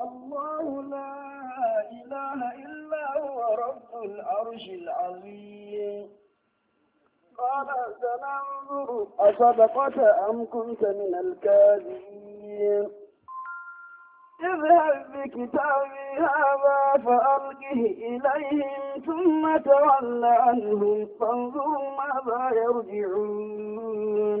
الله لا إله إلا هو رب العرش العظيم قال سننظر أصدقت أم كنت من الكاذبين اذهب بكتابي هذا فألقه إليهم ثم تول عنهم فانظر ماذا يرجعون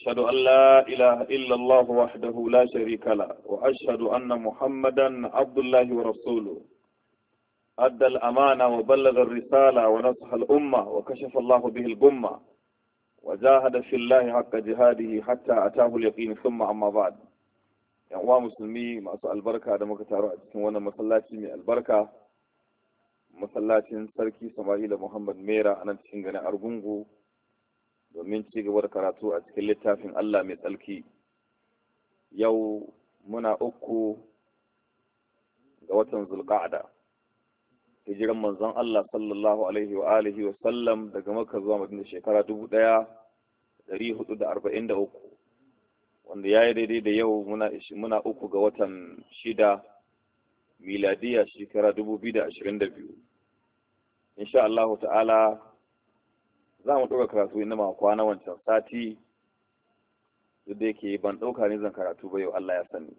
أشهد أن لا إله إلا الله وحده لا شريك له وأشهد أن محمدا عبد الله ورسوله أدى الأمانة وبلغ الرسالة ونصح الأمة وكشف الله به الغمة وجاهد في الله حق جهاده حتى أتاه اليقين ثم أما بعد yan uwa musulmi masu albarka da muka taru a cikin wannan masallaci mai albarka masallacin sarki sama'ila muhammad mera a nan cikin ganin argungu domin ci gaba da karatu a cikin littafin Allah mai tsarki yau muna uku ga watan zulqa'ada hijiran manzon Allah sallallahu alaihi wa alihi wa sallam daga Makka zuwa Madina shekara dubu ɗaya ɗari hudu da arba'in da uku wanda ya yi daidai da yau muna uku ga watan shida miladiya shekara dubu biyu da ashirin da biyu insha Allah ta'ala za mu ɗauka karatu na ma kwana wancan sati duk da yake ban ɗauka ne zan karatu ba yau Allah ya sani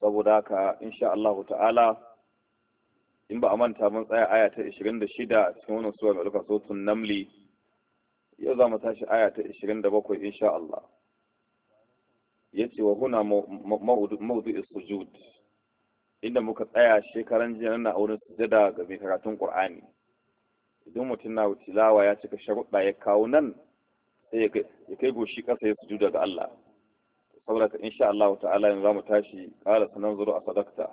saboda haka insha Allah ta'ala in ba a manta mun tsaya aya ta 26 cikin wannan suwa mai ɗauka sotun namli yau za mu tashi aya ta 27 insha Allah ce, wa huna ma'udu sujud inda muka tsaya shekaran jiya na auren sujada ga mai karatun ƙur'ani. idan mutum na tilawa ya cika sharuɗa ya kawo nan sai ya kai goshi ƙasa ya sujuda ga Allah saboda ka insha Allah ta'ala yanzu zamu tashi qala sananzuru a sadaqta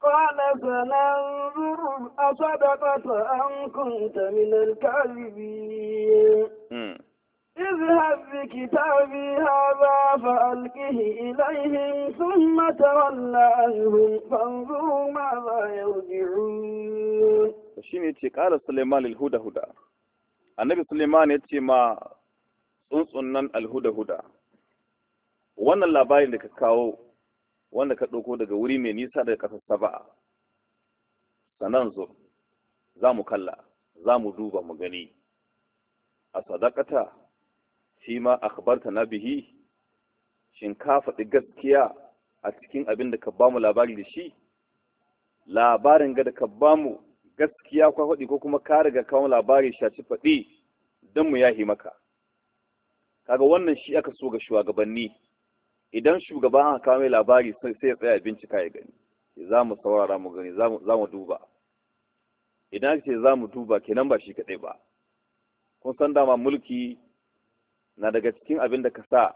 qala a sadakta an kunta اذهب بكتابي هذا فألقه إليهم ثم تول عنهم فانظروا ماذا يرجعون shi ce ƙara Suleiman alhuda-huda annabi Suleiman ya ce ma tsuntsun nan alhuda-huda wannan labarin da ka kawo wanda ka ɗauko daga wuri mai nisa daga ƙasar saba'a sanan zo za mu kalla za mu duba mu gani a sadakata shima akhbarta na bihi shin ka faɗi gaskiya a cikin abin da ka ba mu labari da shi labarin ga da ka ba mu gaskiya kwa faɗi ko kuma ka riga mu labari shaci faɗi don mu yahi maka kaga wannan shi aka so ga shugabanni idan shugaba aka kawo mai labari sai ya tsaya bincika ya gani za mu saurara mu gani za mu duba idan ake za mu duba kenan ba shi kaɗai ba kun san dama mulki na daga cikin abin da ka sa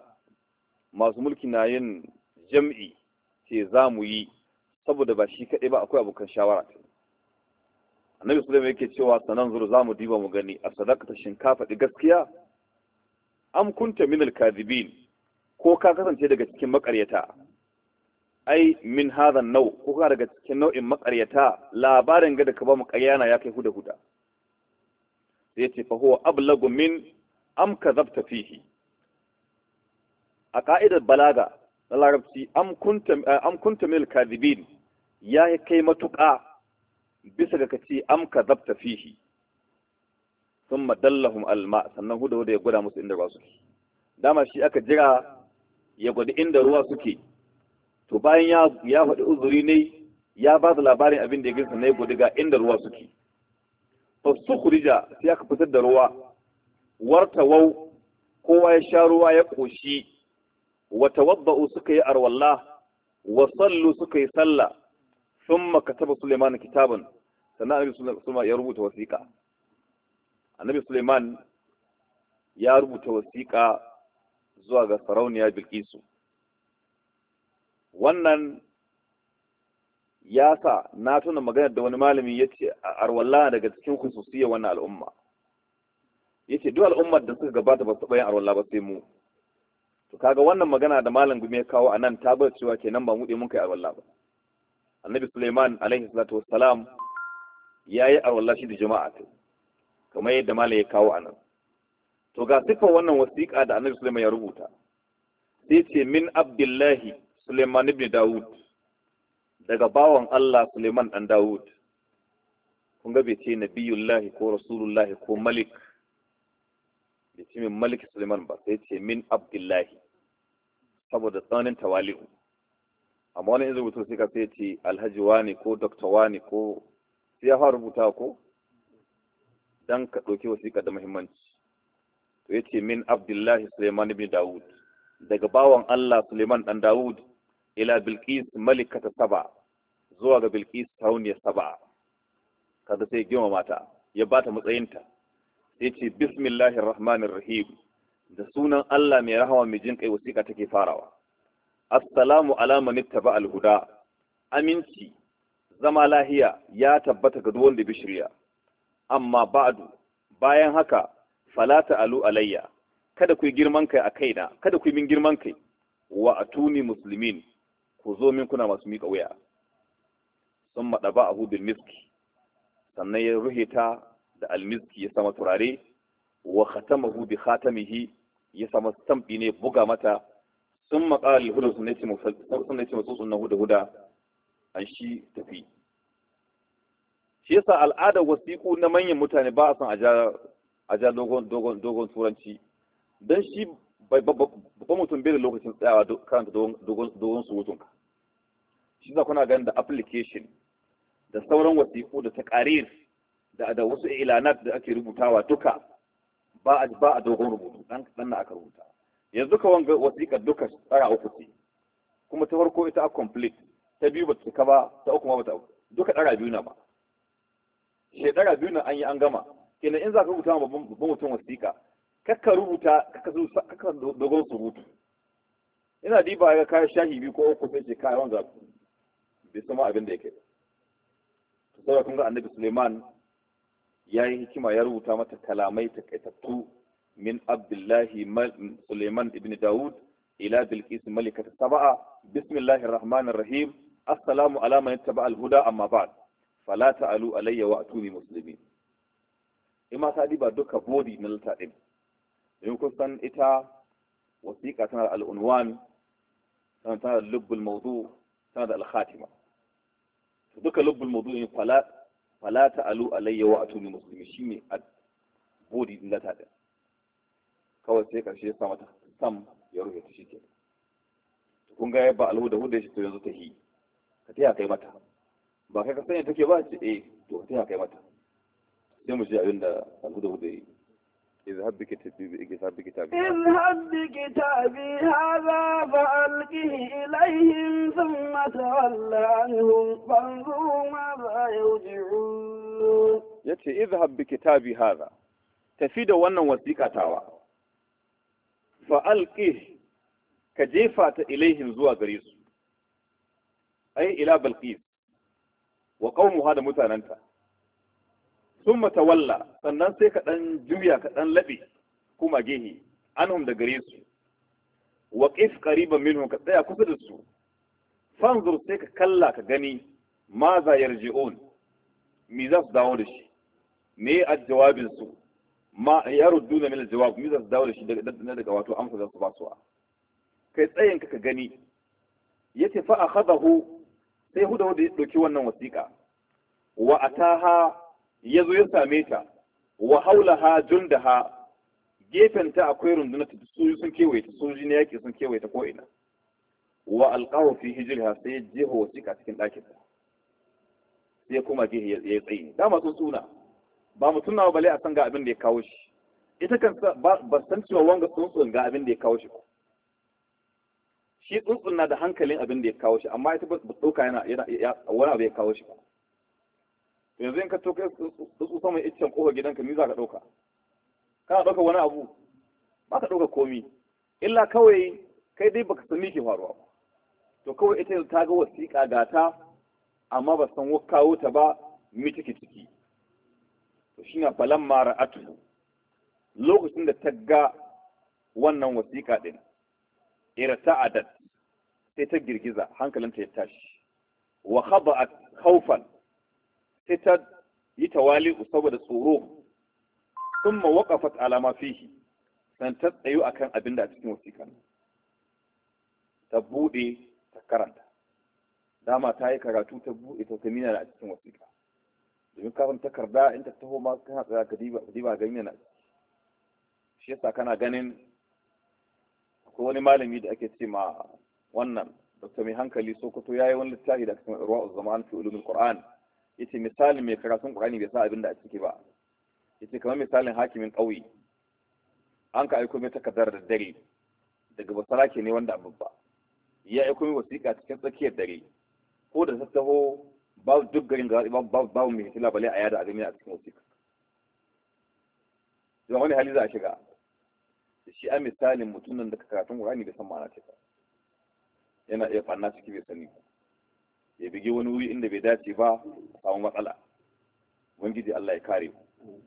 masu mulki na yin jam'i ce za mu yi saboda ba shi kaɗai ba akwai abokan shawara annabi sulaiman yake cewa sanan zuru za mu diba mu gani a ta shinkafa ɗi gaskiya am kunta min alkazibin ko ka kasance daga cikin makaryata ai min hadha nau ko ka daga cikin nau'in makaryata labarin ga da ka ba mu na ya kai huda huda sai ce fa huwa ablagu min am kazabta fihi a ka'idar balaga na larabci am kunta mil kadibin ya kai matuƙa bisa ga kaci am kazabta fihi sun madallahun alma sannan hudu da ya gwada musu inda ruwa suke dama shi aka jira ya gwada inda ruwa suke to bayan ya faɗi uzuri ne ya ba da labarin abin da ya ginsa ya gwada ga inda ruwa suke fa kurija sai aka fitar da ruwa Warta wau kowa ya sha ruwa ya ƙoshi wa tawabba'u suka yi arwalla wa sallu suka yi sallah maka kataba Suleiman kitaban sannan Annabi Suleiman ya rubuta wasiƙa Annabi Suleiman ya rubuta wasiƙa zuwa ga sarauniya Bilkisu wannan ya sa na tuna maganar da wani malami ya ce arwalla daga cikin khususiyya wannan al'umma yace duk al'ummar da suka gabata ba su bayan yin arwalla ba sai mu to kaga wannan magana da malam gumi ya kawo anan ta bar cewa kenan ba mu dai mun kai arwalla ba annabi Suleiman alaihi salatu wassalam yayi arwalla shi da jama'a ta kamar yadda malam ya kawo anan to ga sifar wannan wasiƙa da annabi Suleiman ya rubuta sai ce min abdullahi Suleiman ibn Dawud daga bawan Allah Suleiman dan Dawud kun ga bai ce nabiyullahi ko rasulullahi ko malik ya ce min malik suleiman ba sai ce min abdullahi saboda tsananin tawali'u amma wani izu rubutu sai ka sai ce alhaji wani ko dokta wani ko sai ya fara rubuta ko dan ka ɗauki wasiƙa da muhimmanci to ya ce min abdullahi suleiman bin dawud daga bawan allah suleiman dan dawud ila bilqis malikata saba zuwa ga bilqis tauniya saba kada sai girmama mata ya bata matsayinta yace bismillahir rahmanir rahim da sunan Allah mai rahama mai jin kai wasiƙa take farawa assalamu ala man ittaba al huda aminci zama lahiya ya tabbata ga wanda bi shirya amma ba'du bayan haka falata alu alayya kada ku yi girman kai a kaina kada ku yi min girman kai wa atuni muslimin ku zo min kuna masu miƙa wuya sun maɗaba a hudun miski sannan ya ruhe ta da almiski ya sama turare wa khatamahu bi khatamihi ya sama stampi ne buga mata sun maƙalar hudu sun nace masu na huda huda an shi tafi shi yasa al'adar wasiƙu na manyan mutane ba a san a ja dogon dogon turanci don shi babban mutum bai da lokacin tsayawa karanta dogon surutun ka shi za kuna ganin da application da sauran wasiƙu da ta ƙarir da wasu ilanat da ake rubutawa duka ba a ba a dogon rubutu dan dan na aka rubuta yanzu ka wanga wasiƙa duka tsara uku ce kuma ta farko ita a complete ta biyu ba ta ba ta uku ma ba ta duka ɗara biyu na ba shekara biyu na an yi an gama kenan in za ka rubuta babban mutum wasiƙa kakka rubuta kakka dogon surutu ina diba ga kayan shahi biyu ko uku sai ce kayan wanga bai sama abin da yake saboda kun ga annabi Suleiman ya yi hikima ya rubuta mata kalamai takaitattu min abdullahi suleiman ibn dawud ila bilqis malikat sab'a bismillahir rahmanir rahim assalamu ala man ittaba al huda amma ba'd fala ta'alu alayya wa atuni muslimin ima ka ba duka body na lata din in kun san ita wasiƙa tana da al'unwan, tana da lubbul mawdu tana da al khatima duka lubbul mawdu in fala fala ta alu alayya wa atuni muslimi shine a bodi din ta da kawai sai karshe ya samu ta sam ya rufe ta shike to kun ga ba alhuda huda shi to yanzu ta hi ka taya kai mata ba kai ka sanya take ba ce eh to ka taya kai mata sai mu ji abin da alhuda huda yi اذهب بكتابي اذهب بكتابي اذهب بكتابي هذا فألقه إليهم ثم تول عنهم فانظروا ماذا يرجعون يتي اذهب بكتابي هذا تفيد وانا وثيقة تاوى فألقه كجيفة إليهم زوا غريس أي إلى بلقيس وقوم هذا متى sun matawalla sannan sai ka ɗan juya ka ɗan laɓe kuma gehe anhum da gare su wa ƙif ƙariban minhum ka tsaya kusa da su fanzur sai ka kalla ka gani ma za yarji'un mi za su dawo da shi me a jawabin su ma ya ruddu na mil jawab mi za su dawo da shi daga daga wato amsa za su ba su kai tsayin ka ka gani yace fa akhadahu sai hudahu da ya ɗauki wannan wasiƙa wa ataha ya zo ya same ta wa haulaha jundaha gefen ta akwai rundunar ta soji sun kewaye ta soji na yaƙi sun kewaye ta ko ina wa alqahu fi hijriha sai ya jefa cikin dakin ta sai kuma jeho ya yi da ma sun suna ba mutum na bale a san ga abin da ya kawo shi ita kan ba san cewa wanga tsuntsun ga abin da ya kawo shi ko shi tsuntsun na da hankalin abin da ya kawo shi amma ita ba ɗauka yana wani abu ya kawo shi ba yanzu in ka to kai tsutsu iccen kofar gidanka ni za ka dauka kana ɗauka wani abu ba ka ɗauka komi illa kawai kai dai baka san ke faruwa ba to kawai ita yanzu ta ga wasiƙa ga ta amma ba san kawo ta ba mi take ciki to shine balan mara atu lokacin da ta ga wannan wasiƙa din adad, sai ta girgiza hankalinta ya tashi wa khaba'at khawfan sai ta yi tawali saboda tsoro sun waqafat ala ma fihi san ta tsayu akan abin da a cikin wasiƙa. ta buɗe ta karanta dama ta yi karatu ta buɗe ta kamina a cikin wasiƙa domin kafin takarda in ta taho ma kana tsaya ka diba ga yana shi yasa kana ganin akwai wani malami da ake ce ma wannan dr mai hankali sokoto ya yi wani littafi da aka ruwa zaman fi ulumin qur'an yace misalin mai karatun Qur'ani bai sa abin da a ciki ba yace kamar misalin hakimin ƙauye an ka aiko mai takardar da dare daga ke ne wanda abin ya aiko mai wasiƙa cikin tsakiyar dare ko da tattaho babu duk garin gaba babu babu mai hitila bale a yada a gami a cikin wasiƙa da wani hali za a shiga da shi a misalin mutumin da karatun Qur'ani bai san ma'ana ta yana iya fanna ciki bai sani ba ya bige wani wuri inda bai dace ba a samu matsala ubangiji Allah ya kare mu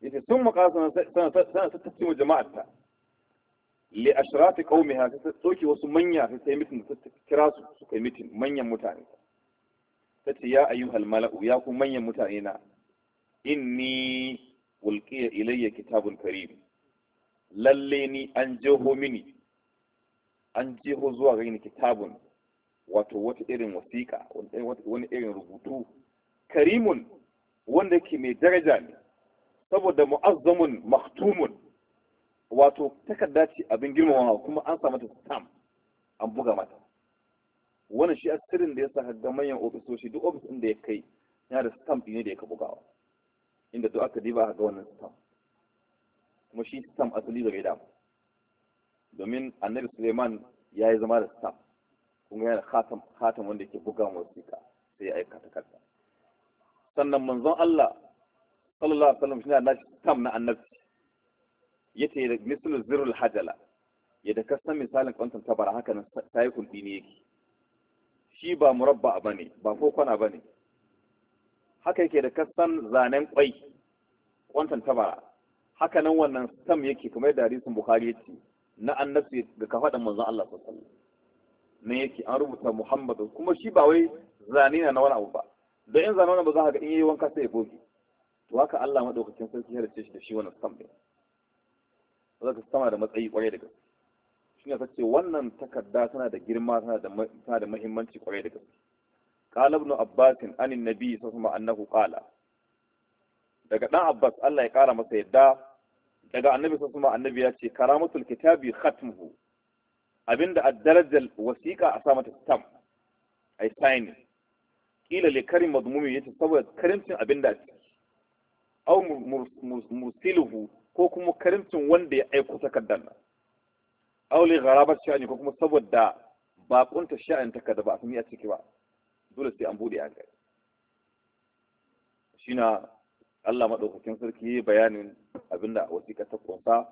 yace sun maka sana tattace wa jama'ar ta li ashrati qaumiha ta soke wasu manya sai sai mitin ta kira su suka yi manyan mutane ta ya ayyuhal mala'u ya ku manyan mutane na inni wulqiya ilayya kitabun karim lalle ni an jeho mini an jeho zuwa ga ni kitabun wato wata irin wasiƙa wani irin rubutu karimun wanda ke mai daraja ne saboda mu'azzamun maktumun wato takarda ce abin girmamawa kuma an samu ta stamp an buga mata wannan shi asirin da ya sa ga manyan ofisoshi duk ofis inda ya kai yana da stamp ne da ya ka bugawa inda duk aka diba ga wannan stamp kuma shi stamp asali da damu domin annabi suleiman ya yi zama da stamp kuma yana khatam khatam wanda yake buga wasiƙa sai ya aika takarda sannan manzon Allah sallallahu alaihi wasallam shi ne na tam na annabi yace da mislu zirul hajala ya da kasan misalin kwantan tabara haka nan sai kulli ne yake shi ba murabba bane ba ko kwana bane haka yake da kasan zanen kwai kwantan tabara haka nan wannan stam yake kamar da hadisin bukhari yace na annabi ga kafadan manzon Allah sallallahu alaihi wasallam ne yake an rubuta Muhammadu kuma shi ba wai zane na wani abu ba don in zane wani ba za ka ga in yi wanka sai ya goge to haka Allah madaukakin sarki ya race shi da shi wannan stamp din za ka sama da matsayi kwarai da gaske shi ne ce wannan takarda tana da girma tana da tana da muhimmanci kwarai da gaske qala ibn abbas an annabi sallallahu annahu qala daga dan abbas Allah ya kara masa yadda daga annabi sallallahu annabi ya ce karamatul kitabi khatmuhu abinda a darajar wasiƙa a sa mata stamp yi sign ƙila le karin mazmumi yace saboda karimcin abinda a au mursiluhu ko kuma karimcin wanda ya aiko takardar nan au le garabar sha'ani ko kuma saboda bakunta sha'ani takarda ba a san a ciki ba dole sai an bude an kai na Allah madaukakin sarki bayanin abinda wasiƙa ta ƙunsa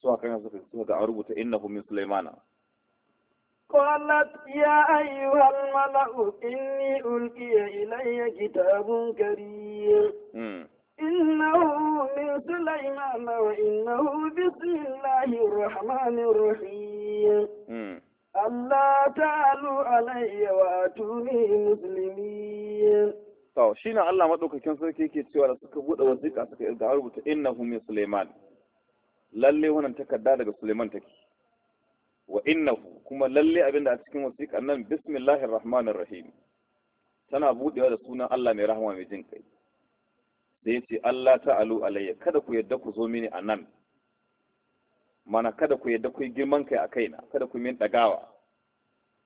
suwa kan suka suka ga rubuta innahu min sulaimana ya يا أيها الملأ إني ألقي إلي كتاب كريم إنه من سليمان وإنه بسم الله الرحمن الرحيم ألا تعلوا علي وأتوني مسلمين to shine Allah madaukakin sarki yake cewa da suka bude wasiƙa suka rubuta innahu min Sulaiman lalle wannan takarda daga Suleiman take wa innahu kuma lalle abinda a cikin wasiƙa nan bismillahir rahmanir rahim tana budewa da sunan Allah mai rahama mai jin kai da yace Allah ta'alu alayya kada ku yadda ku zo mini anan mana kada ku yadda ku yi girman kai a kaina kada ku min dagawa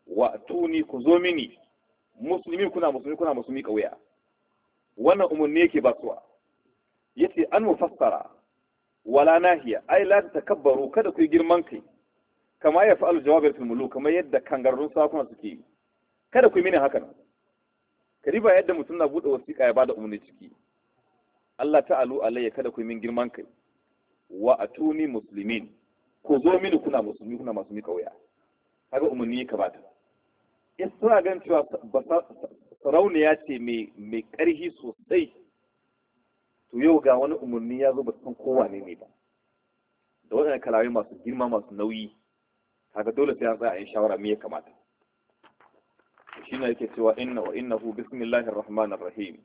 wa tuni ku zo mini musulmi kuna musulmi kuna musulmi kauya wannan umarni yake basuwa yace an mufassara wala nahiya ai la takabbaru kada ku yi girman kai kama ya fa'alu jawabir fil muluk kamar yadda kangarrun sakuna suke yi kada ku yi mini haka nan kariba yadda mutum na bude wasiƙa ya bada umarni ciki Allah ta'alu alayya kada ku yi min girman kai wa atuni muslimin ku zo mini kuna musulmi kuna masu mika wuya kaga umarni ya kamata in suna gan cewa sarauniya ce mai ƙarhi sosai to yau ga wani umarni ya zo ba san kowa ne ne ba da waɗannan kalamai masu girma masu nauyi kaga dole sai an tsaya a yi shawara me ya kamata shi ne yake cewa inna wa innahu bismillahir rahmanir rahim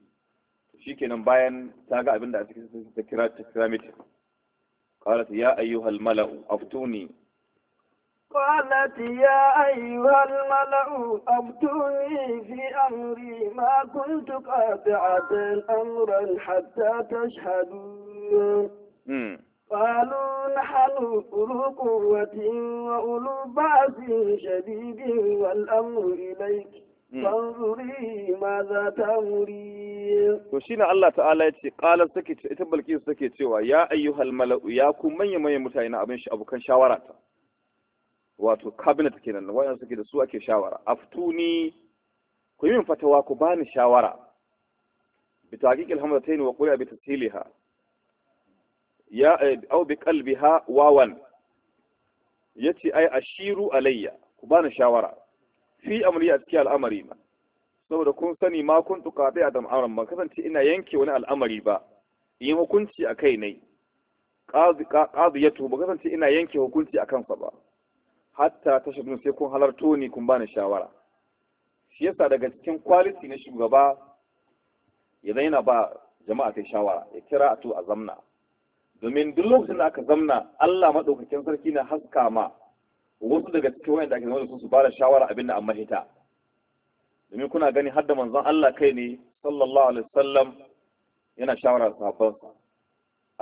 shikenan bayan ta ga abin da a cikin ta kira ta kira mita qalat ya ayyuhal mala'u aftuni قالت يا أيها الملأ أفتوني في أمري ما كنت قاطعة أمرا حتى تشهدون قالوا نحن أولو قوة وأولو بأس شديد والأمر إليك فانظري ماذا تأمرين to shine Allah ta'ala yace qalan sake ita Bilkisu take cewa ya ayyuhal mala'u ya ku manya manyan mutane abin shi abokan shawara ta wato cabinet kenan waɗanda suke da su ake shawara aftuni ku yi min fatawa ku bani shawara bi taqiqil hamzatain wa qul bi tasiliha ya eh, aw bi qalbiha wawan yace ai ashiru alayya ku bani shawara fi amri a cikin al'amari ma saboda kun sani ma kun tukaɗe a dam'aran ba kasance ina yanke wani al'amari ba yin hukunci a kai ne ƙaziyatu ba kasance ina yanke hukunci a kansa ba hatta ta shirin sai kun halarto ni kun bani shawara shi yasa daga cikin kwaliti na shugaba ya yana ba jama'a ta shawara ya kira a to a zamna domin duk lokacin da aka zamna Allah madaukakin sarki na haska ma wasu daga cikin da ake zama da su su bada shawara abin da an mahita domin kuna gani har da manzon Allah kai ne sallallahu alaihi wasallam yana shawara sahabbansa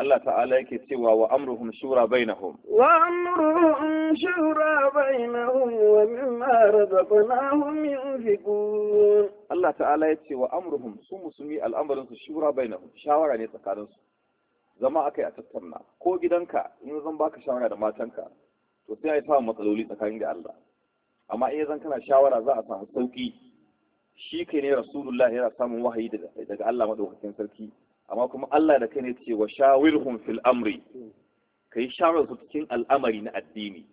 Allah ta'ala yake cewa wa amruhum shura bainahum wa amruhum shura bainahum wa mimma razaqnahum yunfiqun Allah ta'ala ya ce wa amruhum su musulmi al'amarin su shura bainahum shawara ne tsakanin su zama akai a tattauna ko gidanka in zan baka shawara da matanka to sai ai samu matsaloli tsakanin da Allah amma in zan kana shawara za a samu sauki shi kai ne rasulullahi yana samun wahayi daga Allah madaukakin sarki amma kuma Allah da kai ne ce wa shawirhum fil amri kai shawara su cikin al'amari na addini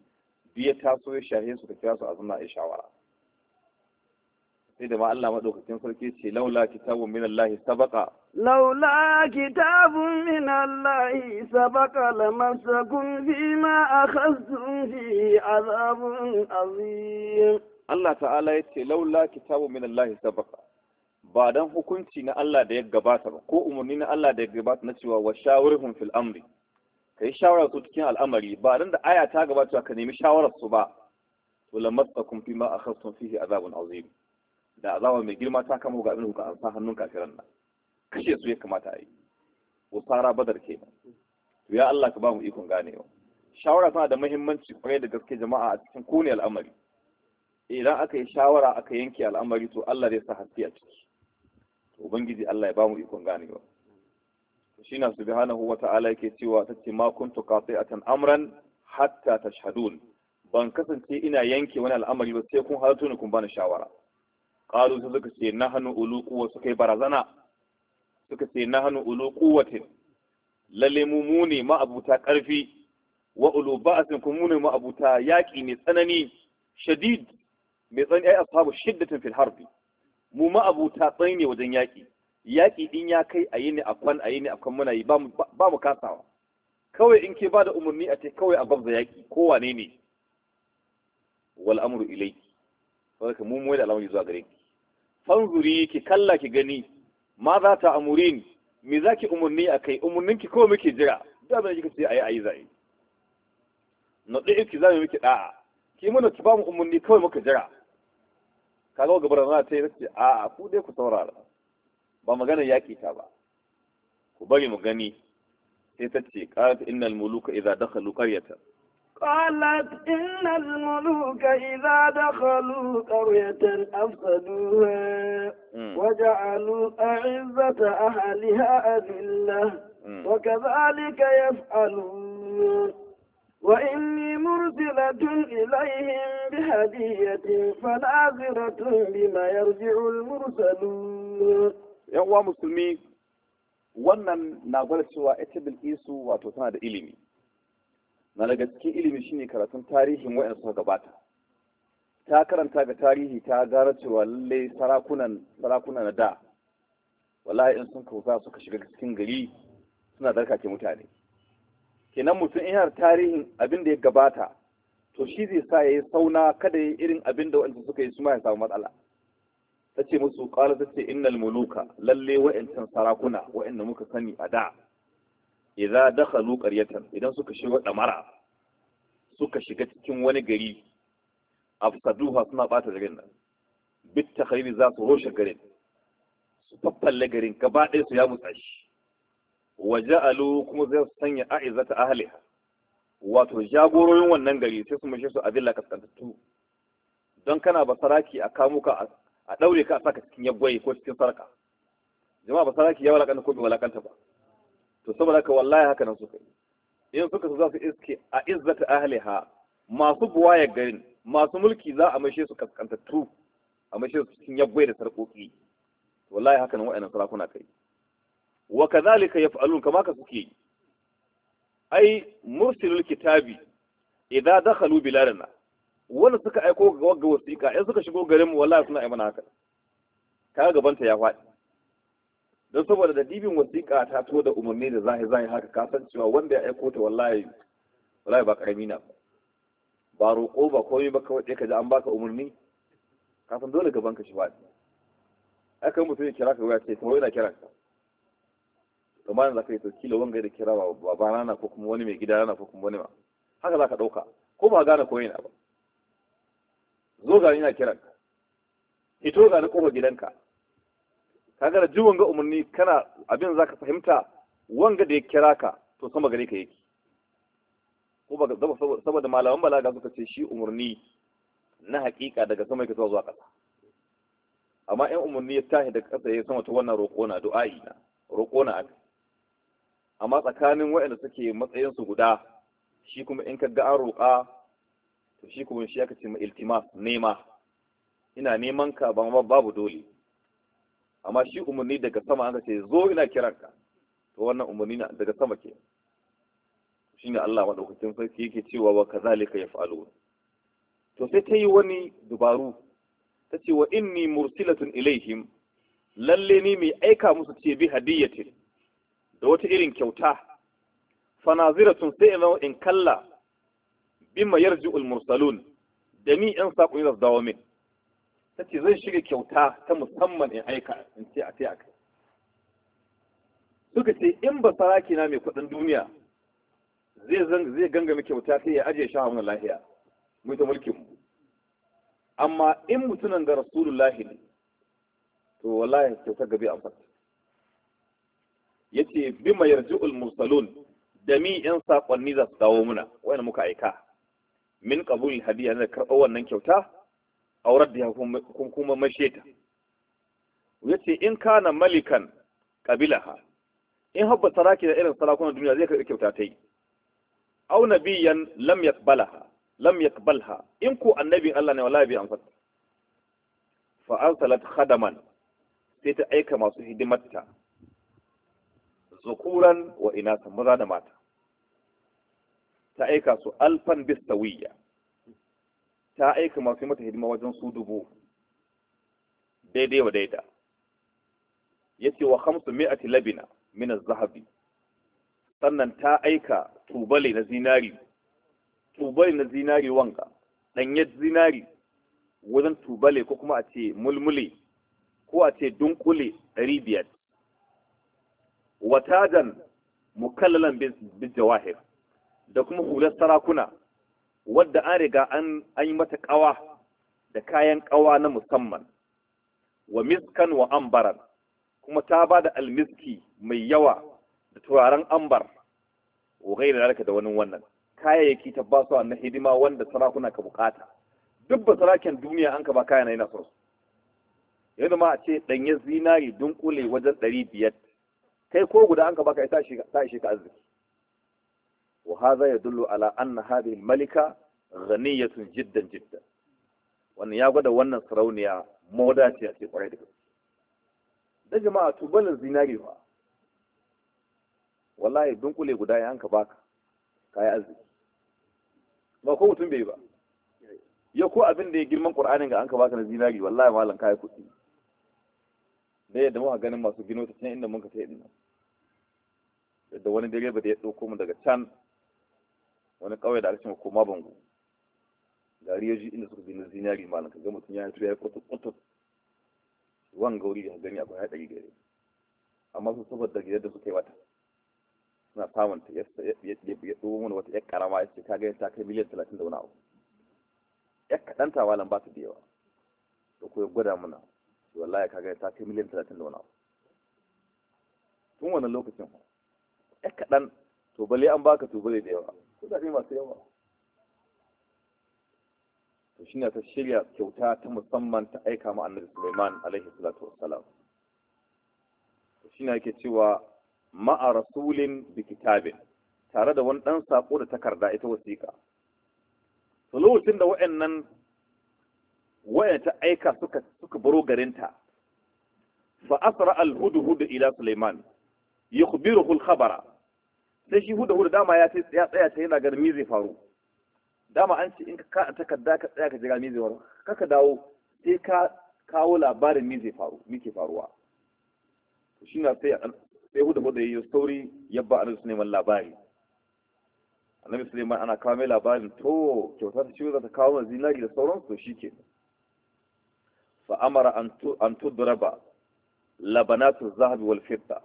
biya ta so ya shahe su ka kira su a zama a shawara sai da ma Allah madaukakin sarki ce laula kitabun min Allah sabaqa laula kitabun min Allah sabaqa lamasakum fima akhadtum fi azabun azim Allah ta'ala yace laula kitabun min Allah sabaqa ba dan hukunci na Allah da ya gabata ba ko umarni na Allah da ya gabata na cewa wa shawirhum fil amri kai shawara su cikin al'amari ba dan da aya ta gabata ka nemi shawarar su ba to lamassakum fima akhadtum fihi azabun azim da azaba mai girma ta kama ga abin ka kuka amsa hannun kafiran nan kashe su ya kamata a yi Wa fara badar kenan to ya Allah ka ba mu ikon ganewa shawara tana da muhimmanci kwarai da gaske jama'a a cikin kowane al'amari idan aka yi shawara aka yanke al'amari to Allah zai sa haske a ciki ubangiji Allah ya ba mu ikon ganewa shi na subhanahu wa ta'ala yake cewa ta ce ma a tan amran hatta tashhadun ban kasance ina yanke wani al'amari ba sai kun halarto ni kun bani shawara qalu sai suka ce nahnu ulu quwwa suka yi barazana suka ce nahnu ulu quwwatin lalle mu mu ne ma ƙarfi. wa ulu ba'sin kun mu ne ma abuta yaki tsanani shadid mai tsanani ai ashabu shiddatin fil harbi mu ma'abuta tsayi ne wajen yaƙi yaƙi din ya kai a yi ne a kwan a yi ne a kwan muna yi ba mu kasawa kawai in ke ba da umarni a ce kawai a gwabza yaƙi ko wane ne wal amru ilai. saboda mummu mu da al'amari zuwa gare fanzuri ki kalla ki gani ma za ta amurin me za ki umarni a kai umarnin ki kawai muke jira da abin kika ce ayi yi zai na ɗaya ki za mu miki ki mana ki ba mu umarni kawai muka jira kaga gabar barazana ta yi ce a ku dai ku saurara ba magana yaƙi ta ba ku bari mu gani sai ta ce qalat innal muluka idza halu qaryatan قالت إن الملوك إذا دخلوا قرية أفسدوها وجعلوا أعزة أهلها أذلة وكذلك يفعلون وإني مرسلة إليهم بهدية فناظرة بما يرجع المرسلون يوا مسلمي wannan na gwada cewa ita bilkisu wato tana da ilimi na daga cikin ilimi shine karatun tarihin wa'in suka gabata ta karanta ga tarihi ta gara cewa lallai sarakunan sarakuna na da wallahi in sun kauta suka shiga cikin gari suna darkake mutane kenan mutum in yana tarihin abin da ya gabata to shi zai sa ya yi sauna kada ya irin abin da wa'ancan suka yi su ma ya samu matsala ta ce musu kala ta ce innal muluka lalle wa'ancan sarakuna wa'anda muka sani a da idan dakhalu qaryatan idan suka shiga damara suka shiga cikin wani gari afsaduha suna bata garin nan bit takhriri za su roshe garin su faffalle garin gaba ɗaya su ya mutsa shi waja'alu kuma zai sanya a'izata ahliha wato jagororin wannan gari sai su mushe su adilla kaskantattu don kana basaraki a kamuka a daure ka a saka cikin yagwaye ko cikin sarka jama'a basaraki ya walakanta ko bai walakanta ba to saboda ka wallahi haka nan suka yi in suka su za su iske a izzata ahliha masu buwaye garin masu mulki za a mashe su kaskantattu a mashe su cikin yagwaye da sarƙoƙi wallahi haka nan wa'annan sarakuna kai wa kadhalika yaf'alun kama ka kuke ai mursilul kitabi idza dakhalu biladana Wannan suka aiko ga wagga wasiƙa in suka shigo garin mu wallahi suna aimana haka kaga gabanta ya faɗi don saboda da dibin wasiƙa ta to da umarni da zahi zahi haka ka san cewa wanda ya aiko ta wallahi wallahi ba karami na ba ba roƙo ba komai ba kawai ka ji an baka umarni ka san dole gaban ka shi faɗi aka mutum ya kira ka waya ce to yana kiran ka to malam zaka yi kila wanga da kira ba na ko kuma wani mai gida na ko kuma wani ma haka zaka dauka ko ba gane ko yana ba zo ga ina kiran ka hito ga na kofar gidanka kaga da ji wanga umarni kana abin zaka fahimta wanga da ya kira ka to sama gare ka yake ko ba saboda malaman balaga suka ce shi umarni na hakika daga sama yake zuwa ƙasa amma in umarni ya tashi daga ƙasa ya sama ta wannan roƙo na du'a'i na roƙo na aka amma tsakanin waɗanda suke matsayin su guda shi kuma in ka ga an roƙa to shi kuma shi aka ce ma iltimas nema ina neman ka ba ma babu dole amma shi umarni daga sama aka ce zo ina kiranka to wannan umarni daga sama ke shine Allah madaukakin sarki yake cewa wa kazalika yaf'alu to sai ta yi wani dubaru ta ce wa inni mursilatun ilaihim lalle ni mai aika musu ce bi hadiyatin da wata irin kyauta fanaziratun sai in in kalla bima yarji'ul mursalun da ni yan saƙon da dawo min ta ce zai shiga kyauta ta musamman in aika in ce a kai suka ce in ba saraki na mai kudin duniya zai zai gangami kyauta sai ya ajiye shi hamun lahiya mu ta mulkin mu amma in mutunan da rasulullahi ne to wallahi kyauta gabe a fata yace bima yarji'ul mursalun da mi yan sakonni za su dawo muna wani muka aika min qabul hadiya na karɓo wannan kyauta aurar da kun kuma mashe ta yace in kana malikan ha, in habba saraki da irin sarakunan duniya zai karɓi kyauta ta yi aw nabiyan lam yaqbalaha lam yaqbalha in ko annabi Allah ne wallahi bi amsa fa arsalat khadaman sai ta aika masu hidimarta zukuran wa inasa maza da mata ta aika su alfan bisawiya ta aika masu mata hidima wajen su dubu daidai wa daida ce wa khamsu mi'ati labina min zahabi sannan ta aika tubale na zinari tubale na zinari wanga danye zinari wajen tubale ko kuma a ce mulmuli, ko a ce dunkule biyar watajan mukallalan bin jawahir da kuma hular sarakuna wadda an riga an yi mata kawa da kayan kawa na musamman wa miskan wa ambaran kuma ta ba da almiski mai yawa da turaren ambar wa gaira da da wani wannan kayayyaki ta ba na hidima wanda sarakuna ka bukata duk ba sarakin duniya an ka ba kayan yana so Yadda ma a ce ɗanyen zinari dunkule wajen ɗari biyar kai ko guda an ka baka shi ta shi ka azzi wa hadha yadullu ala anna hadhihi malika ghaniyatun jiddan jiddan wannan ya gwada wannan sarauniya moda ce a cikin kwarai da da jama'a tubalin zinari fa wallahi dunkule guda ya an ka baka kai azzi ba ko mutum bai ba ya ko abin da ya girman qur'anin ga an ka baka na zinari wallahi malam kai kuɗi da yadda muka ganin masu gino ta can inda muka sai nan yadda wani direba da ya ɗauko mu daga can wani ƙauye da aka ce koma bango gari ya ji inda suka gina zinari malam ka ga mutum ya tura ya yi kutut wan gauri da gani akwai haɗari gare amma su saboda yadda suka yi wata suna samun ta ya ɗubo mana wata ya ƙarama ya ce ka gani ta kai miliyan talatin da wani abu ya kaɗanta malam ba ta da yawa da kuma gwada mana wallahi kaga ta kai miliyan talatin da wani abu tun wannan lokacin ya kaɗan to bale an baka to bale da yawa kudade masu yawa to shi ta shirya kyauta ta musamman ta aika ma annabi Sulaiman alaihi salatu wassalam to shi yake cewa ma'a rasulin bi kitabin tare da wani dan sako da takarda ita wasiƙa to lokacin da waɗannan waya ta aika suka suka baro garinta fa asra al hudhud ila sulaiman yukhbiruhu al khabara sai shi hudhud dama ya ya tsaya ta yana ganin me zai faru dama an ce in ka ka takarda ka tsaya ka jira me zai faru kaka dawo sai ka kawo labarin me zai faru me ke faruwa shi na sai sai hudhud ya yi story ba annabi sulaiman labari annabi sulaiman ana kawo mai labarin to kyauta ta ciwo za ta kawo zinari da sauransu to shikenan فأمر أن تضرب لبنات الذهب والفضة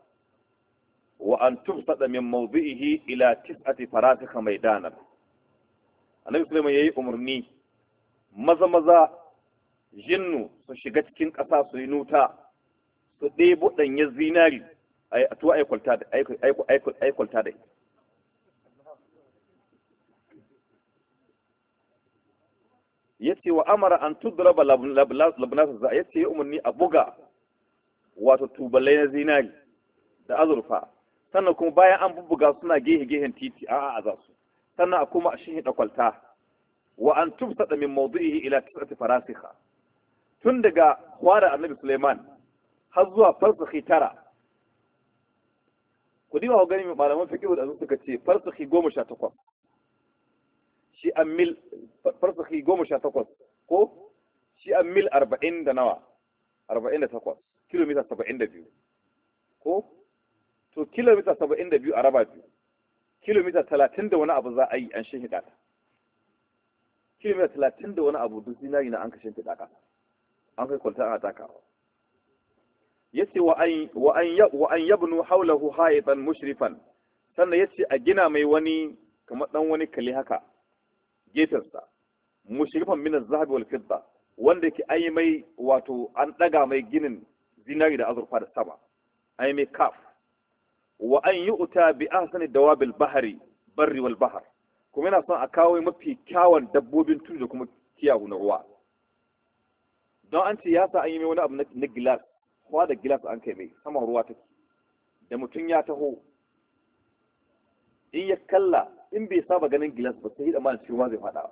وأن تبسط من موضعه إلى تسعة فراتخ ميدانا annabi Sulaiman yayi umarni maza maza jinnu su shiga cikin ƙasa su yi nuta su ɗebo ɗanyen zinari a tuwa aikwalta da ita yace wa amara an tudraba labnas za yace ya umarni a buga wato tubalai na zinari da azurfa sannan kuma bayan an bubbuga suna gehe gehen titi a a su sannan a kuma shi hida kwalta wa an da min mawdihi ila tis'ati farasikha tun daga kwara annabi Suleiman har zuwa farsakhi tara ku diba ga gani malaman fiqh da suka ce farsakhi 18 shi an mil farsaki goma sha takwas ko shi an mil arba'in da nawa arba'in da takwas kilomita saba'in da biyu ko to kilomita saba'in da biyu a raba biyu kilomita talatin da wani abu za a yi an shi ta kilomita talatin da wani abu duk zinari na an kashe shinhiɗa ka an kai kwalta ana takawa yace wa an wa an wa an yabnu hawlahu hayitan mushrifan sannan yace a gina mai wani kamar dan wani kali haka gefensa mushrifan min az-zahab wal fidda wanda yake an yi mai wato an daga mai ginin zinari da azurfa da sama an yi mai kaf wa an yi uta bi ahsani dawabil bahari barri wal bahar kuma yana son a kawo mafi kyawun dabbobin tudu da kuma kiyawu na ruwa don an ce ya sa an yi mai wani abu na gilas kowa da gilas an kai mai saman ruwa take da mutum ya taho in ya kalla in bai saba ganin gilas ba sai amma cikin ma zai fada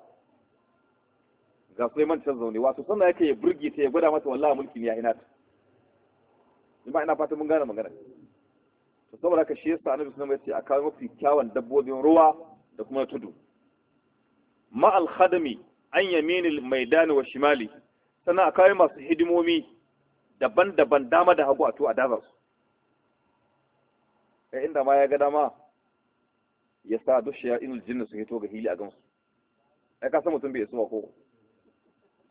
ga Suleiman can zaune wato sannan yake ya burge ta ya gwada mata wallahi mulki ne ya ina ta ina ina fata mun gane magana to saboda haka shi yasa annabi sunan alaihi ya ce a kawo mafi kyawun dabbobin ruwa da kuma tudu ma al khadami an al maidan wa shimali sannan a kawo masu hidimomi daban-daban dama da hagu a to a dabar su eh, inda ma ya ga dama ya sa duk inu jinnu su hito ga hili a gamsu Ya kasa mutum bai suwa ko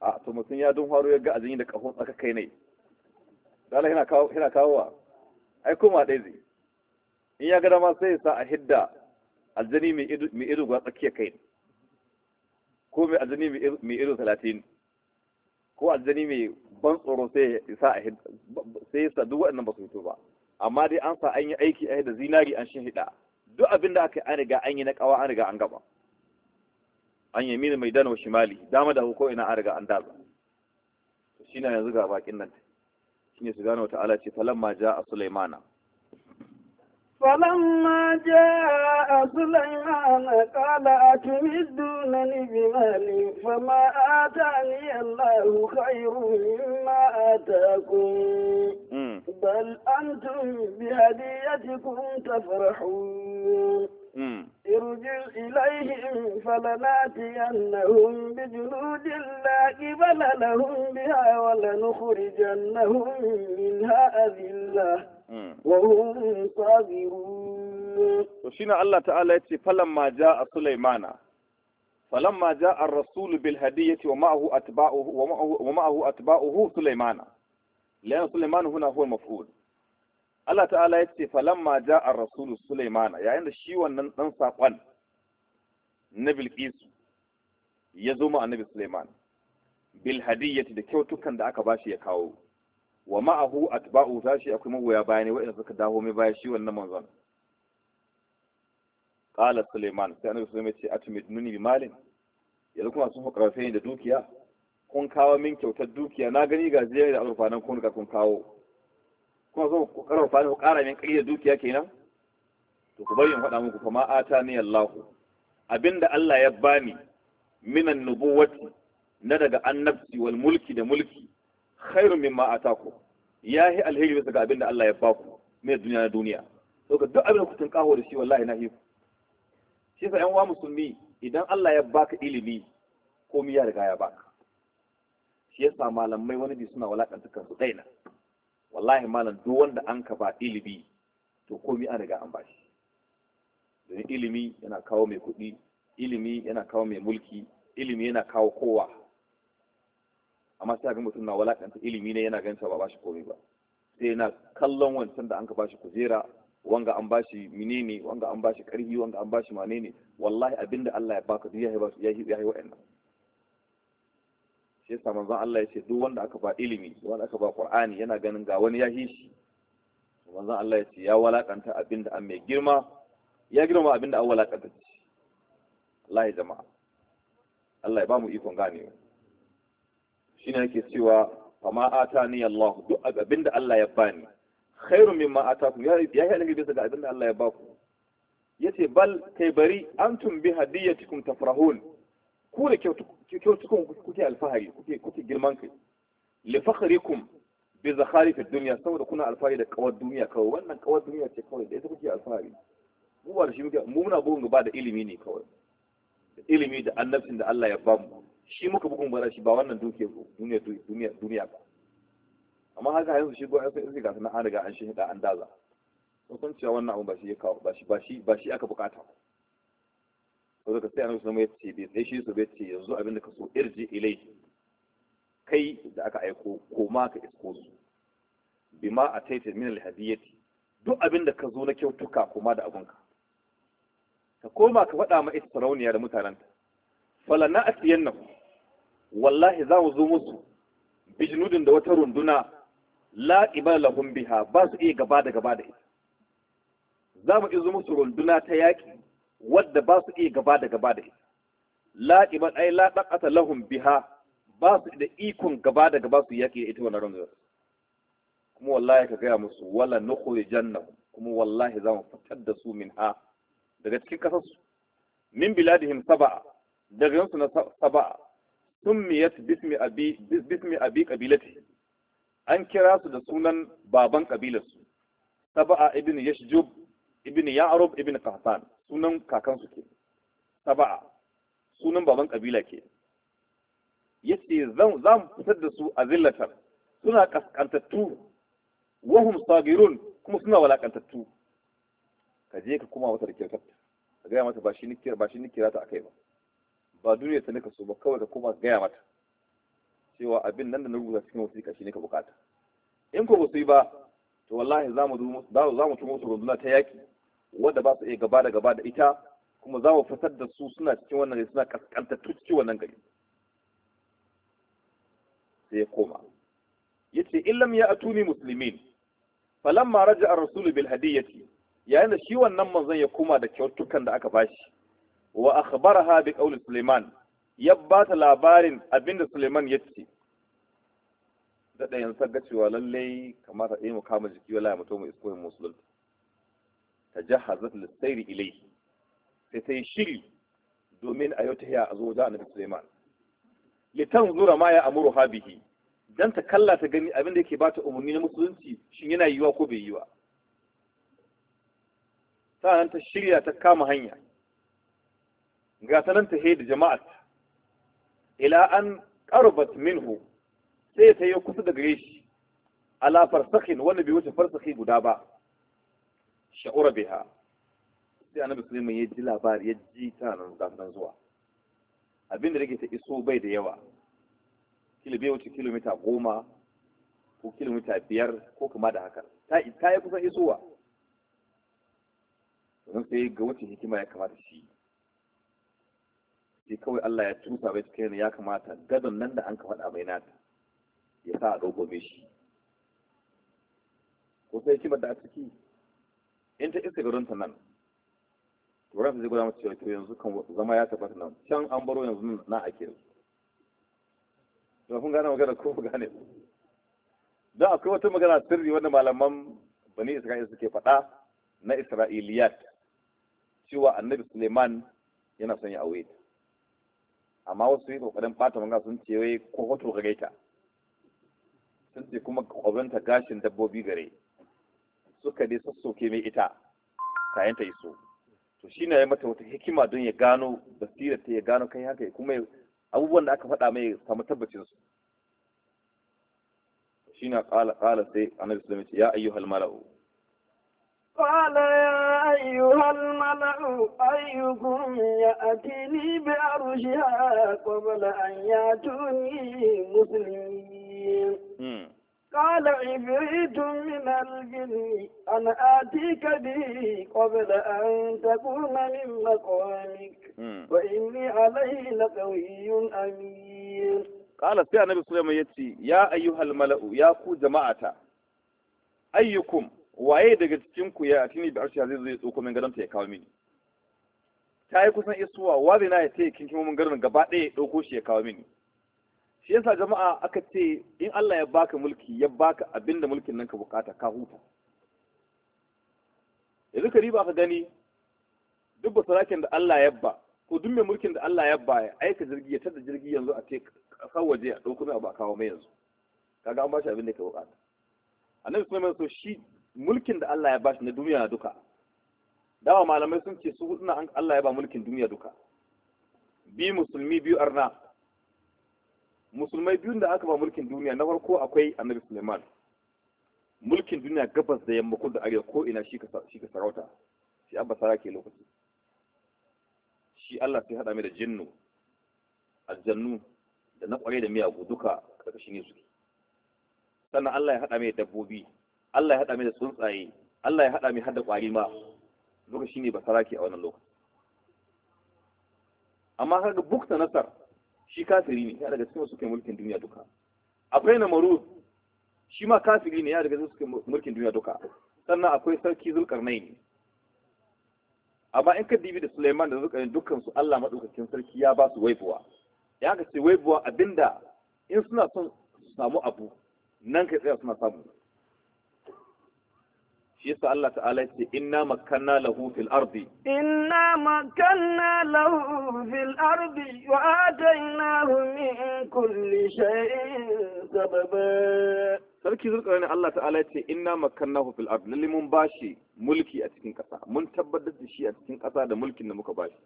a to mutum ya don haro ya ga azini da kahon tsaka kai ne dala yana kawo wa kawowa ai kuma dai zai in ya ga dama sai ya sa a hidda aljani mai ido mai ido tsakiyar kai ko mai aljani mai ido talatin ko aljani mai ban tsoro sai ya sa a hidda sai ya sa duk waɗannan ba su hito ba amma dai an sa an yi aiki a hidda zinari an shi hidda. duk abin da aka an riga an yi na kawa an riga an gaba an yi mini mai dana shimali dama da ko ina an riga an daza shi na yanzu ga bakin nan shi ne su gano ala ce falamma ja a sulaimana ja a a Sulaimana فلما جاء سليمان قال أتمدونني بمال فما آتاني ma a ta kun بل أنتم بهديتكم تفرحون ارجع إليهم فلناتينهم بجنود لا قبل لهم بها ولنخرجنهم منها أذلة وهم صاغرون وشينا الله تعالى يتي فلما جاء سليمان فلما جاء الرسول بالهدية ومعه أتباعه ومعه, ومعه أتباعه سليمان lian Suleiman huna huwa maf'ul Allah ta'ala ya ce falamma ja'a rasulu Suleiman yayin da shi wannan dan sakon na Bilqis ya zo ma annabi Suleiman bil hadiyyati da kyautukan da aka bashi ya kawo wa ma'ahu atba'u tashi akwai magoya bayan ne waɗanda suka dawo mai baya shi wannan manzon qala Suleiman sai annabi Suleiman ya ce atmidnuni bi malin yanzu kuma sun fa karfe da dukiya kun kawo min kyautar dukiya na gani ga zai da azurfa nan kun ga kun kawo kuma zo ku karfafa ku kara min ƙarfi da dukiya kenan to ku bari in faɗa muku fa ata ni Allah abinda Allah ya bani minan nubuwati na daga annabci wal mulki da mulki khairu mimma ataku yahi alheri bisa ga abinda Allah ya baku mai duniya na duniya to ka duk abin da ku kawo da shi wallahi na hiku shi sa yan wa musulmi idan Allah ya baka ilimi komai ya riga ya baka shi yasa malamai wani bi suna walakanta kansu daina wallahi malam duk wanda an ka ba ilimi to komi an riga an bashi domin ilimi yana kawo mai kuɗi ilimi yana kawo mai mulki ilimi yana kawo kowa amma sai ga mutum na walakanta ilimi ne yana ganin ba bashi komai ba sai yana kallon wancan da an ka bashi kujera wanga an bashi menene wanga an bashi karfi wanga an bashi manene wallahi abinda Allah ya baka duk ya yi ya yi wa'annan shi yasa manzon Allah ya ce duk wanda aka ba ilimi wanda aka ba Qur'ani yana ganin ga wani ya yi shi manzon Allah ya ce ya walakanta abinda an mai girma ya girma abinda an walakanta shi Allah ya jama'a Allah ya ba mu ikon shi ne yake cewa fama atani Allah duk abinda Allah ya bani khairu mimma atakum ya ya ne bisa ga abinda Allah ya baku yace bal kai bari antum bi hadiyatikum tafrahun ku da kyautu kyautukan kuke alfahari kuke girman kai fakhrikum bi zakharifid dunya saboda kuna alfahari da kawar duniya kawai wannan kawar duniya ce kawai da ita kuke alfahari mu ba shi muke mu muna bugun gaba da ilimi ne kawai da ilimi da annabcin da Allah ya ba mu shi muka bugun gaba shi ba wannan duke duniya duniya duniya ba amma haka yanzu shi gobe sai sai ga sanan an riga an shi hada an daza kun cewa wannan abu ba shi ya kawo ba shi ba shi aka bukata ba to daga sai annabi sallallahu alaihi wasallam ya ce sai shi su ce yanzu abin da ka so irji ilai kai da aka aiko ma ka isko su bima ataita min alhadiyati duk abin da ka zo na kyautuka kuma da abunka ka koma ka faɗa ma ita da mutanenta fala na asiyan wallahi za mu zo musu bijnudin da wata runduna la lahum biha ba su iya gaba da gaba da ita za mu zo musu runduna ta yaƙi wadda ba su iya gaba da gaba da ita la'iman ai la daqata lahun biha ba su da ikon gaba da gaba su yake ita wani rundunar kuma wallahi ka gaya musu wala na janna kuma wallahi za mu fitar da su min ha daga cikin kasar su min biladihim saba'a daga yansu na saba'a summiyat bismi abi bismi abi qabilati an kira su da sunan baban kabilar su saba'a ibn yashjub ibn ya'rub ibn qahtan sunan kakansu ke saba'a sunan baban kabila ke yace zan zan fitar da su a zillatar suna kaskantattu wahum sagirun kuma suna walakantattu ka je ka kuma wata da ka gaya mata ba shi nikira ba shi nikira ta akai ba ba duniya ta nika so ba kawai ka kuma gaya mata cewa abin nan da na rubuta cikin wasiƙa shi ne ka bukata in ko ba su yi ba to wallahi za mu za mu tumo su runduna ta yaki Wanda ba su iya gaba da gaba da ita kuma za mu fitar da su suna cikin wannan gari suna kaskanta tuci wannan gari sai ya koma ya ce illam ya atuni musulmin falamma raja a rasulu bil hadiyyati yayin da shi wannan manzon ya koma da kyautukan da aka bashi wa akhbaraha bi qawli suleiman ya ba ta labarin abinda suleiman ya ce da ɗayan ga cewa lallai kamata yi mu kama jiki wala ya mutum mu isko musulunta ta lis-sayri ilai. sai sai shiri domin a yau ta a zo wajen annabi Sulaiman zura ma ya amuru habihi dan ta kalla ta gani abin da yake ba ta umarni na musulunci shin yana yiwa ko bai yiwa sa'an ta shirya ta kama hanya ga ta nan ta da jama'at ila an qarbat minhu sai ta yi kusa da gare shi ala farsakhin wanda bai wuce farsakhi guda ba sha'ura biha sai annabi sulaiman ya ji labari ya ji ta nan zuwa abinda da ta iso bai da yawa kilo bai wuce kilomita goma ko kilomita biyar ko kuma da haka ta yi kusan isowa don sai ga wuce hikima ya kamata shi sai kawai Allah ya tusa bai cikin ya kamata gadon nan da an ka faɗa mai nata ya sa a ɗauko shi ko sai hikimar da a ciki in ta isa garinta nan to ran zai gudanar mata cewa to yanzu kan zama ya tabbata nan can an baro yanzu na ake yanzu to kun gane magana ko ku gane don akwai wata magana sirri wanda malaman bani isra'ila suke faɗa na isra'iliyat cewa annabi suleiman yana son ya aure ta amma wasu yi kokarin fata manga sun ce wai ko hoto gaita? sun ce kuma kwabanta gashin dabbobi gare suka dai soke mai ita kayan ta iso to shi na ya mata wata hikima don ya gano basirar ta ya gano kai haka kuma abubuwan da aka faɗa mai samu tabbacin su shi na ƙala ƙala sai annabi sallallahu alaihi ya ayyuhal mala'u قال يا أيها الملأ أيكم يأتيني بعرشها قبل أن tuni musulmi. قال عفريت من الجن أن آتيك به قبل أن تكون من مقامك وإني عليه لقوي أمين قال سيدنا النبي صلى الله عليه وسلم يا أيها الملأ يا كو جماعة أيكم waye daga cikin ku ya tini bi arshi zai zo tsoko min gadon ta ya kawo mini ta yi kusan isuwa wazina zai na ya taya kinkin mun garin gaba ɗaya ya ɗauko shi ya kawo mini shi yasa jama'a aka ce in Allah ya baka mulki ya baka abinda mulkin nan ka bukata ka huta yanzu ka riba ka gani duk sarakin da Allah ya ba ko duk mai mulkin da Allah ya ba ya aika jirgi ya tada jirgi yanzu a ce kasar waje a ɗauko mai abu a kawo mai yanzu kaga an bashi abin da ka bukata annabi sulaiman so shi mulkin da Allah ya bashi na duniya duka dawa malamai sun ce su hudu na Allah ya ba mulkin duniya duka bi musulmi biyu arna musulmai biyun da aka ba mulkin duniya na farko akwai annabi suleiman mulkin duniya gabas da yamma kudu da arewa ko ina shi ka sarauta shi abba ke lokaci shi allah sai haɗa mai da jinnu aljannu da na ƙware da miyagu duka ƙarƙashin ne suke sannan allah ya haɗa mai da dabbobi allah ya haɗa mai da tsuntsaye allah ya haɗa mai hada ƙwari ma duka shi ne ba ke a wannan lokaci amma har da bukta nasar shi kafiri ne ya daga cikin suke mulkin duniya duka akwai namaru shi ma kafiri ne ya daga cikin suke mulkin duniya duka sannan akwai sarki zulkarnain amma in ka dibi da Suleiman da zulkarnain dukkan su Allah madaukakin sarki ya ba su waibuwa ya ga ce waibuwa abinda in suna son su samu abu nan kai tsaya suna samu shi yasa Allah ta'ala ce inna makanna lahu fil ardi inna makanna lahu fil ardi wa atainahu min kulli shay'in sababa sarki zulkarni Allah ta'ala ya ce inna makannahu fil ardi lalle mun bashi mulki a cikin kasa mun tabbatar da shi a cikin kasa da mulkin da muka bashi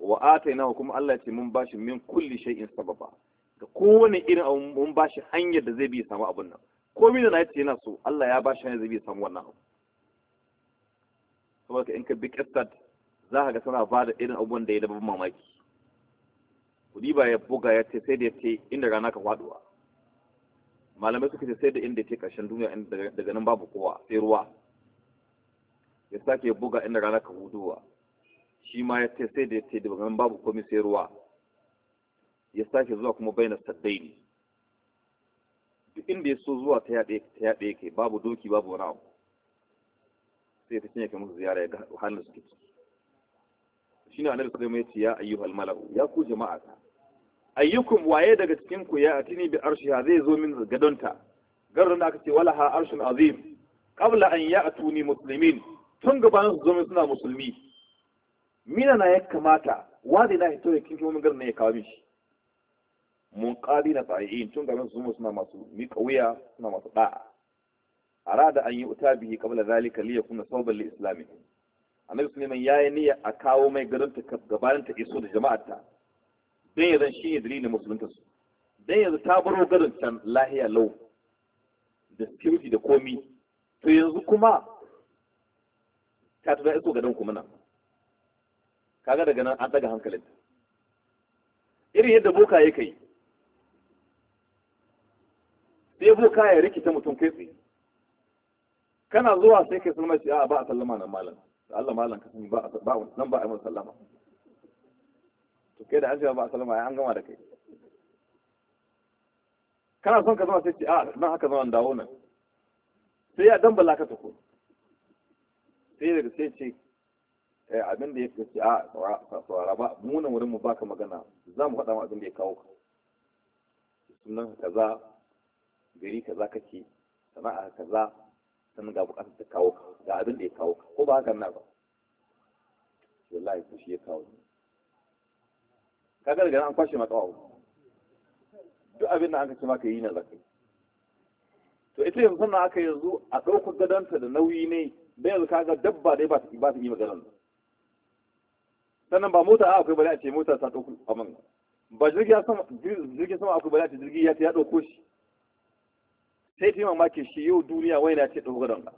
wa atainahu kuma Allah ya ce mun bashi min kulli shay'in sababa ga kowane irin mun bashi hanyar da zai bi samu abun nan komi da na ta yana so Allah ya ba shi hanyar zai samu wannan abu saboda in ka bi kestad za ka ga tana ba da irin abubuwan da ya daban mamaki kudi ba ya buga ya ce sai da ya ce inda rana ka faduwa malamai suka ce sai da inda ya ce karshen duniya daga nan babu kowa sai ruwa ya sake buga inda rana ka huduwa shi ma ya ce sai da ya ce daga nan babu komi sai ruwa ya sake zuwa kuma bayyana saddai ne duk inda ya so zuwa ta yaɗe yake babu doki babu wani abu sai ta cinye kai musu ziyara ya ga su suke shi ne annabi sallallahu alaihi wasallam ya ayyuhal mala'u ya ku jama'a ta. ayyukum waye daga cikin ku ya atini bi arshiha zai zo min gadonta gadon da aka ce wala ha arshun azim qabla an ya'tuni muslimin tun gabanin su zo min suna musulmi mina na ya kamata zai na hito ya kinkin wani garin na ya kawo mishi munqadi na tsari'in tun gaban su suna masu miƙa wuya suna masu da'a arada an yi uta bihi qabla zalika li yakuna sawban li islami annabi sulaiman yayi niyya a kawo mai garin ta gabanin ta iso da jama'ar ta dan yanzu shi ne dalilin musulunta su dan yanzu ta baro garin can lahiya lau da security da komi to yanzu kuma ta tura iso dan kuma nan kaga daga nan an daga hankalin irin yadda boka yake yi Sai ka ya rikita mutum kai tsaye kana zuwa sai kai sallama shi a ba a sallama nan malam Allah malam ka sani ba nan ba a yi sallama to kai da an ba a sallama an gama da kai kana son ka zama sai ce a nan haka zama dawo nan sai ya dan bala ka tafi sai daga sai ce eh, abin da ya ce a tsawara ba munan wurin mu baka magana za mu faɗa ma abin da ya kawo ka sunan kaza gari kaza kake sana'a kaza sun ga bukatar ta kawo ga abin da ya kawo ko ba haka na ba wallahi ko shi ya kawo ne kaga daga an kwashe maka wawo duk abin da an kace maka yi na zaka to ita yanzu sannan aka yanzu a ɗaukar gadonta da nauyi ne da yanzu kaga dabba dai ba ta ba ta yi maganar sannan ba mota a akwai bari a ce mota ta ɗauko a man ba jirgi sama akwai bari a ce jirgi ya ta ya ɗauko shi sai ta yi mamakin shi yau duniya wai na ce ɗauka ka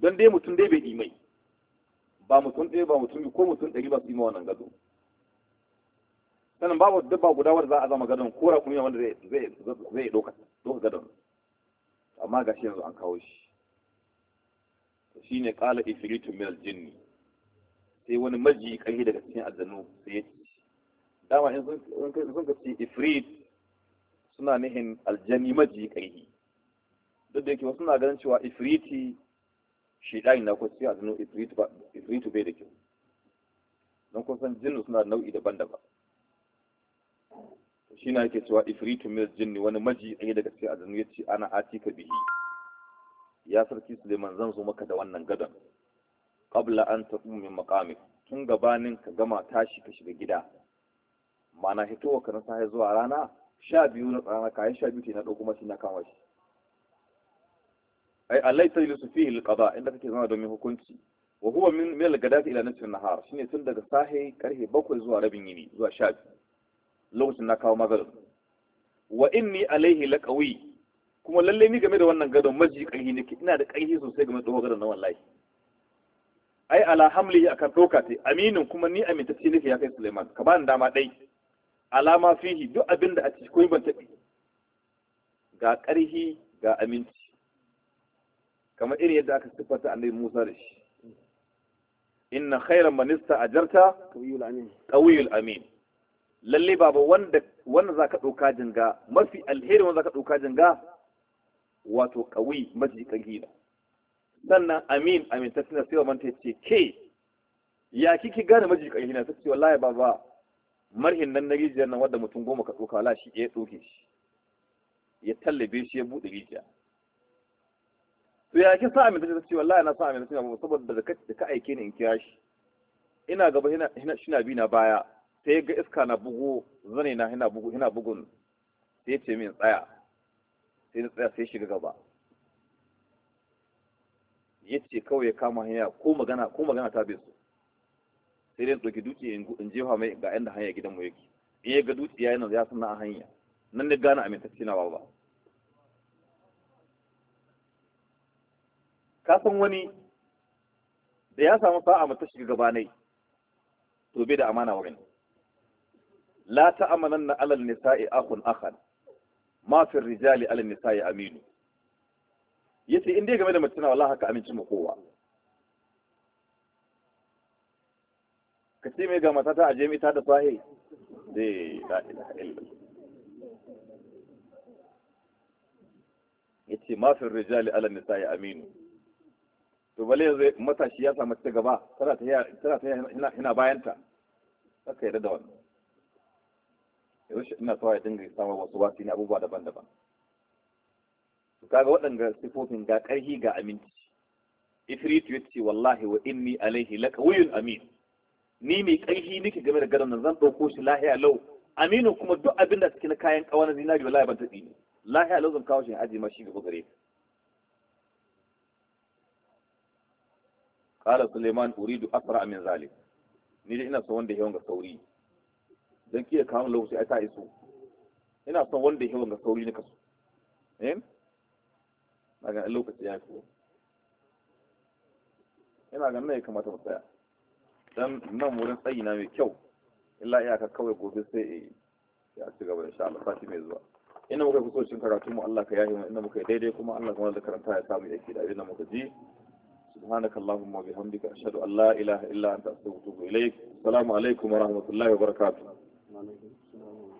don dai mutum dai bai imai ba mutum ɗaya ba mutum ko mutum ɗari ba su yi wannan gado sannan babu dabba guda wanda za a zama gadon ko rakumi wanda zai ɗauka ɗauka gadon amma ga shi yanzu an kawo shi shi ne ƙala ifiritu mil aljinni sai wani maji ƙarfi daga cikin aljanu sai ya ci dama in sun ka ce ifrit suna nihin aljani maji ƙaihi duk da yake wasu na ganin cewa ifriti shi ɗani na kwasi a zinu ifritu bai da kyau don kusan jinnu suna nau'i daban-daban shi na yake cewa ifritu mil jinni wani maji ɗaya daga cikin azanu ya ce ana atika bihi ya sarki suleiman zan zo maka da wannan gadon qabla an taqum min maqamik tun gabanin ka gama tashi ka shiga gida mana hitowa ka na sahi zuwa rana sha biyu na tsana kayan sha biyu na ɗauko masu na kama shi ai allai ta lisu fihi alqada inda kake zama domin hukunci wa huwa min min algadati ila nisfin nahar shine tun daga sahe karfe bakwai zuwa rabin yini zuwa sha biyu lokacin na kawo magal wa inni alaihi laqawi kuma lalle ni game da wannan gadon maji ƙarfi ne ina da ƙarfi sosai game da gadon na wallahi ai ala hamli akan ɗauka ta aminin kuma ni amintacce nake ya kai Suleiman ka ba ni dama ɗai alama fihi duk abin da a ciki ko ban taɓi ga ƙarhi ga aminci kamar irin yadda aka siffanta annabi Musa da shi inna khairan manista ajarta qawiyul amin qawiyul amin lalle baba wanda wanda zaka dauka jinga mafi alheri wanda zaka dauka jinga wato qawi mafi kagina sannan amin amin ta tana sai man ta ce ke ya kiki gane maji kagina ta ce wallahi baba marhin nan na rijiyar nan wadda mutum goma ka tsoka wala shi ya tsoke shi ya tallabe shi ya buɗe rijiya to ya ke sa amin ta ce wallahi na sa amin ta ce saboda da ka aike ni in kira shi ina gaba hina shina bi na baya sai ga iska na bugu zane na hina bugu hina bugun sai ya ce min tsaya sai na tsaya sai shiga gaba ya ce kawai ya kama hanya ko magana ko magana ta bai so sai dai ɗauki dutse in jefa mai ga inda hanya gidan mu yake in ya ga dutse ya yana ya san na hanya nan da gane amintacce cina ba ka san wani da ya samu sa'a tashi shiga gabanai to bai da amana wurin la ta'amanan na alal nisa'i akhun akhan ma fi rijali alal nisa'i aminu yace in dai game da mutuna wallahi haka amince mu kowa ce mai ga matata a jami ta da sahi zai la ilaha illallah yace ma fi rijali ala nisa'i aminu to bale yanzu matashi ya samu ta gaba tana ta tana ta ina bayanta saka yarda da wannan yanzu ina so ya dinga samu wasu wasu ne abubuwa daban-daban to kaga waɗanda sifofin ga ƙarhi ga aminci ifrit yace wallahi wa inni alaihi laqawiyun amin ni mai ƙarfi nake game da gadon nan zan ɗauko shi lahiya lau aminu kuma duk abin da na kayan ƙawana zina zinari wallahi ban taɗi ne lahiya lau zan kawo shi aji ma shi gaba gare ka suleiman uridu Afra Amin zalik ni dai ina son wanda yawan ga sauri Don kiyaye kawo lokaci ai ta iso ina son wanda yawan ga sauri ne kaso eh? Ina ganin lokaci ya fi ina ganin na ya kamata mu tsaya dan nan wurin tsayi na mai kyau illa iyaka kawai gobe sai eh ya ci gaba insha Allah sati mai zuwa ina muka fi so karatu mu Allah ka yahi mu ina muka daidai kuma Allah kuma da karanta ya samu yake da abin da muka ji سبحانك اللهم وبحمدك أشهد أن لا إله إلا أنت أستغفرك إليك السلام عليكم ورحمة الله وبركاته